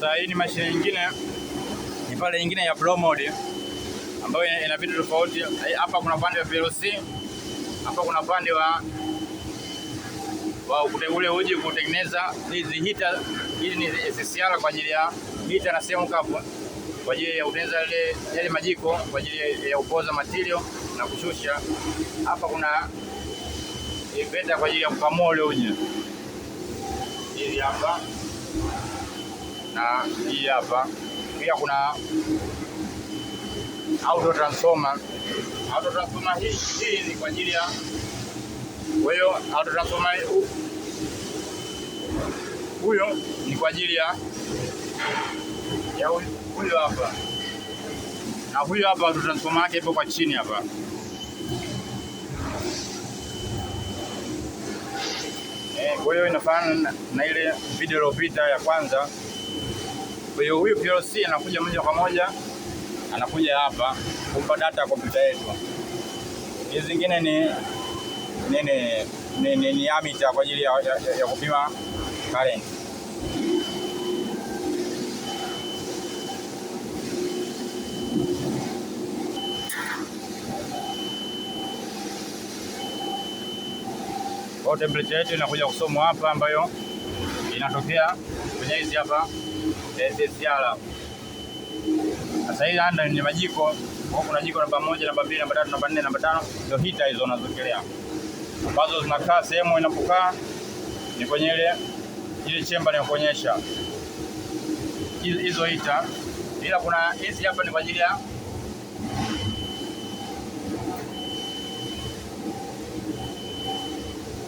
Sasa hii ni mashine nyingine, ni pale nyingine ya blow mode ambayo ina vitu tofauti. Hapa kuna upande wa PLC, hapa kuna upande wa wow, ule uji kutengeneza hizi heater. Hili ni SCR kwa ajili ya hita na sehemu kapu kwa ajili ya kutengeneza yale majiko kwa ajili ya kupoza matirio na kushusha. Hapa kuna inveta kwa ajili ya kukamua ule uji, hili hapa na hii hapa pia kuna auto transformer. Auto transformer hii hii ni kwa ajili ya kwa hiyo auto transformer huyo ni kwa ajili ya ya huyo hapa, na huyo hapa auto transformer yake ipo kwa chini hapa. Eh, kwa hiyo inafanana na ile video iliyopita ya kwanza. Kwa hiyo huyu PLC anakuja moja kwa moja, anakuja hapa kumpa data ya kompyuta yetu. Hizi zingine ni nini? Ni, ni, ni amita kwa ajili ya, ya, ya kupima current. Temperature yetu inakuja kusomwa hapa ambayo inatokea kwenye hizi hapa SGR. Sasa hii under ni majiko, kuna jiko namba moja, namba mbili, namba tatu, namba nne, namba tano, ndio hita hizo nazokelea ambazo zinakaa sehemu inapokaa ni kwenye ile ile chemba ninakuonyesha hizo hita, ila kuna hizi hapa ni kwa ajili ya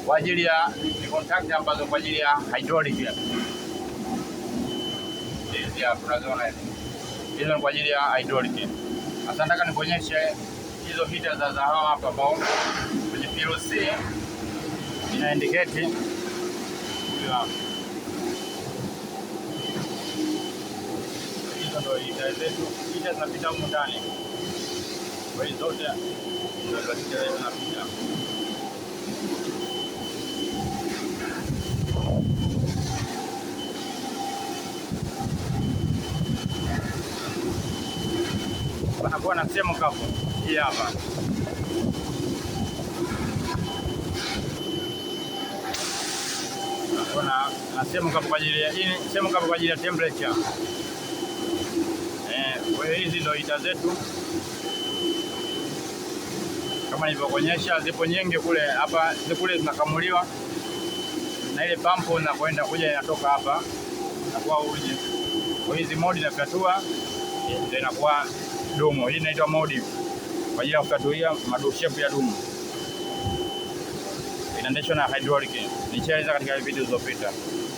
kwa ajili ya ni contact ambazo kwa ajili ya hydraulic ya tunaziona hizi. Hizo ni kwa ajili ya hydraulic. Sasa nataka nikuonyeshe hizo hita za dhahabu hapa ambao kwenye PLC ina indicate hiyo hapo. Hizo ndio hita zetu. Hita zinapita huko ndani. Kwa hizo zote ndio zinapita. wanakuwa na sehemu kavu hii hapa. Kuna na sehemu kavu kwa ajili ya ini, sehemu kavu kwa ajili ya temperature. Eh, kwa hiyo hizi ndio hita zetu kama nilivyokuonyesha, zipo nyingi kule. Hapa kule zinakamuliwa na ile pampu inakwenda kuja inatoka hapa nakuwa uji kwa hizi modi na vyatua ndio inakuwa dumu. Hii inaitwa modi kwa ajili ya kukatulia madushepu ya dumu, inaendeshwa na hydraulic. Nishaweza katika video zilizopita.